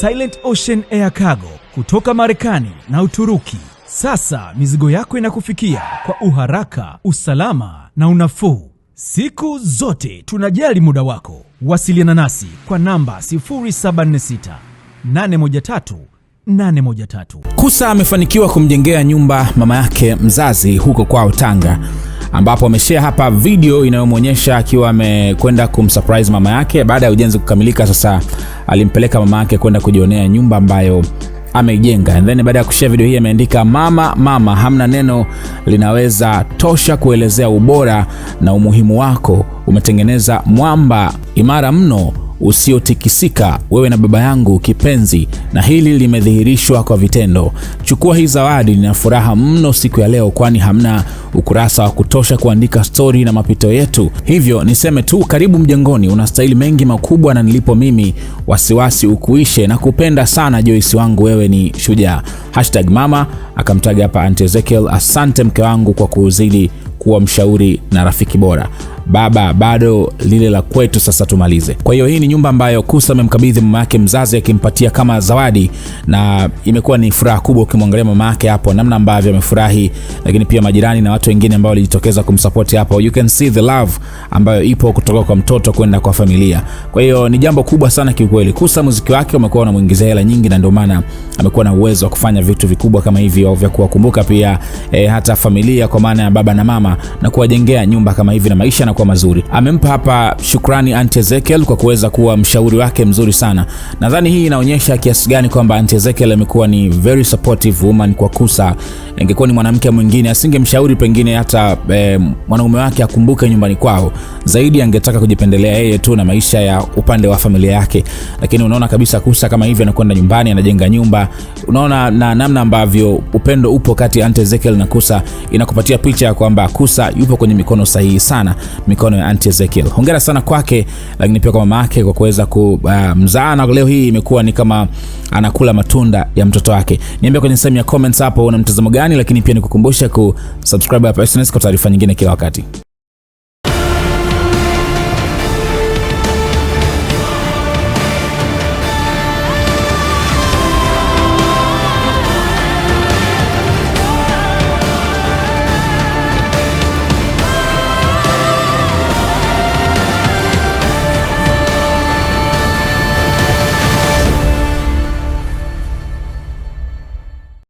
Silent Ocean Air Cargo kutoka Marekani na Uturuki. Sasa mizigo yako inakufikia kwa uharaka, usalama na unafuu. Siku zote tunajali muda wako. Wasiliana nasi kwa namba 076 813 813. Kusa amefanikiwa kumjengea nyumba mama yake mzazi huko kwao Tanga ambapo ameshare hapa video inayomwonyesha akiwa amekwenda kumsurprise mama yake baada ya ujenzi kukamilika. Sasa alimpeleka mama yake kwenda kujionea nyumba ambayo ameijenga and then baada ya kushare video hii ameandika, mama mama, hamna neno linaweza tosha kuelezea ubora na umuhimu wako. Umetengeneza mwamba imara mno usiotikisika, wewe na baba yangu kipenzi, na hili limedhihirishwa kwa vitendo. Chukua hii zawadi. Nina furaha mno siku ya leo, kwani hamna ukurasa wa kutosha kuandika stori na mapito yetu, hivyo niseme tu karibu mjengoni. Unastahili mengi makubwa, na nilipo mimi wasiwasi ukuishe, na kupenda sana Joyce wangu, wewe ni shujaa. Hashtag mama akamtaga hapa Aunt Ezekiel, asante mke wangu kwa kuzidi kuwa mshauri na rafiki bora baba, bado lile la kwetu sasa tumalize. Kwa hiyo hii ni nyumba ambayo Kusa amemkabidhi mama yake mzazi akimpatia kama zawadi, na imekuwa ni furaha kubwa ukimwangalia mama yake hapo, namna ambavyo amefurahi, lakini pia majirani na watu wengine ambao walijitokeza kumsapoti hapo. You can see the love ambayo ipo kutoka kwa mtoto kwenda kwa familia. Kwa hiyo ni jambo kubwa sana kiukweli. Kusa muziki wake umekuwa unamuingizia hela nyingi, na ndio maana amekuwa na uwezo wa kufanya vitu vikubwa kama hivi vya kuwakumbuka pia e, hata familia kwa maana ya baba na mama na kuwajengea nyumba kama hivi na maisha na yalikuwa mazuri. Amempa hapa shukrani Anti Ezekiel kwa kuweza kuwa mshauri wake mzuri sana. Nadhani hii inaonyesha kiasi gani kwamba Anti Ezekiel amekuwa ni very supportive woman kwa Kusa ingekuwa ni mwanamke mwingine, asingemshauri pengine hata e, mwanaume wake akumbuke nyumbani kwao, zaidi angetaka kujipendelea yeye tu na maisha ya upande wa familia yake. Lakini unaona kabisa Kusah kama hivi anakwenda nyumbani, anajenga nyumba, unaona na namna ambavyo upendo upo kati ya Aunt Ezekiel na kusa inakupatia picha ya kwamba kusa yupo kwenye mikono sahihi sana, mikono ya Aunt Ezekiel. Hongera sana kwake, lakini pia kwa mama yake kwa kuweza kumzaa, uh, na leo hii imekuwa ni kama anakula matunda ya mtoto wake. Niambia kwenye sehemu ya comments hapo una mtazamo gani? burudani, lakini pia nikukumbusha kusubscribe hapa SnS kwa taarifa nyingine kila wakati.